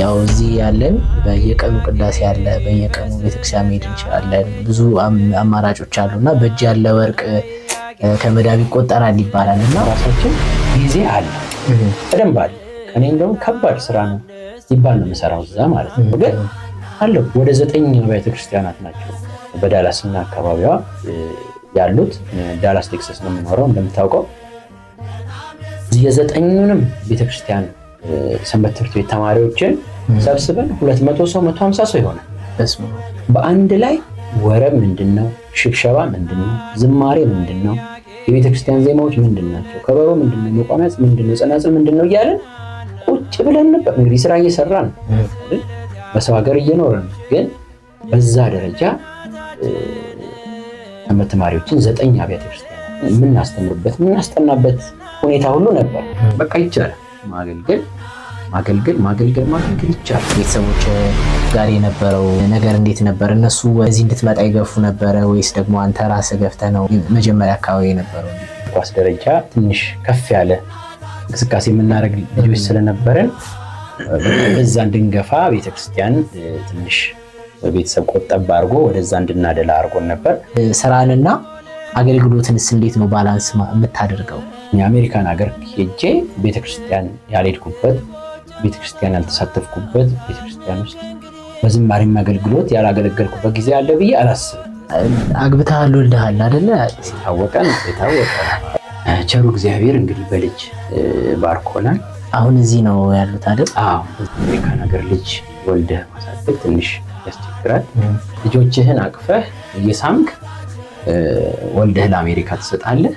ያው እዚህ ያለን በየቀኑ ቅዳሴ አለ፣ በየቀኑ ቤተክርስቲያን መሄድ እንችላለን። ብዙ አማራጮች አሉ እና በእጅ ያለ ወርቅ ከመዳብ ይቆጠራል ይባላል እና ራሳችን ጊዜ አለ በደንብ አለ። ከኔ እንደውም ከባድ ስራ ነው ይባል ነው የምሰራው እዛ ማለት ነው። ግን አለው ወደ ዘጠኝ አብያተ ክርስቲያናት ናቸው በዳላስና አካባቢዋ ያሉት። ዳላስ ቴክሳስ ነው የምኖረው እንደምታውቀው። የዘጠኙንም ቤተክርስቲያን ሰንበት ትምህርት ቤት ተማሪዎችን ሰብስበን ሁለት መቶ ሰው መቶ ሀምሳ ሰው ይሆናል። በአንድ ላይ ወረብ ምንድን ነው፣ ሽብሸባ ምንድን ነው፣ ዝማሬ ምንድን ነው፣ የቤተክርስቲያን ዜማዎች ምንድን ናቸው፣ ከበሮ ምንድን ነው፣ መቋሚያ ምንድን ነው፣ ጽናጽል ምንድን ነው እያለን ቁጭ ብለን ነበር። እንግዲህ ስራ እየሰራ ነው፣ በሰው ሀገር እየኖረ ነው። ግን በዛ ደረጃ ሰንበት ተማሪዎችን ዘጠኝ አብያተ ክርስቲያን የምናስተምርበት የምናስጠናበት ሁኔታ ሁሉ ነበር። በቃ ይቻላል። ማገልገል ማገልገል ማገልገል ማገልገል ይቻላል። ቤተሰቦች ጋር የነበረው ነገር እንዴት ነበር? እነሱ እዚህ እንድትመጣ ይገፉ ነበረ ወይስ ደግሞ አንተ ራስ ገፍተ ነው? መጀመሪያ አካባቢ የነበረው ኳስ ደረጃ ትንሽ ከፍ ያለ እንቅስቃሴ የምናደርግ ልጆች ስለነበረን እዛ እንድንገፋ ቤተክርስቲያን ትንሽ ቤተሰብ ቆጠብ አድርጎ ወደዛ እንድናደላ አድርጎን ነበር። ስራንና አገልግሎትንስ እንዴት ነው ባላንስ የምታደርገው? የአሜሪካን ሀገር ሄጄ ቤተክርስቲያን ያልሄድኩበት ቤተክርስቲያን ያልተሳተፍኩበት ቤተክርስቲያን ውስጥ በዝማሬ አገልግሎት ያላገለገልኩበት ጊዜ አለ ብዬ አላስብም። አግብተሃል ወልደሃል አይደለ? የታወቀ የታወቀ ቸሩ እግዚአብሔር እንግዲህ በልጅ ባርኮናል። አሁን እዚህ ነው ያሉት አደል? አሜሪካን ሀገር ልጅ ወልደ ማሳደግ ትንሽ ያስቸግራል። ልጆችህን አቅፈህ እየሳምክ ወልደህ ለአሜሪካ ትሰጣለህ።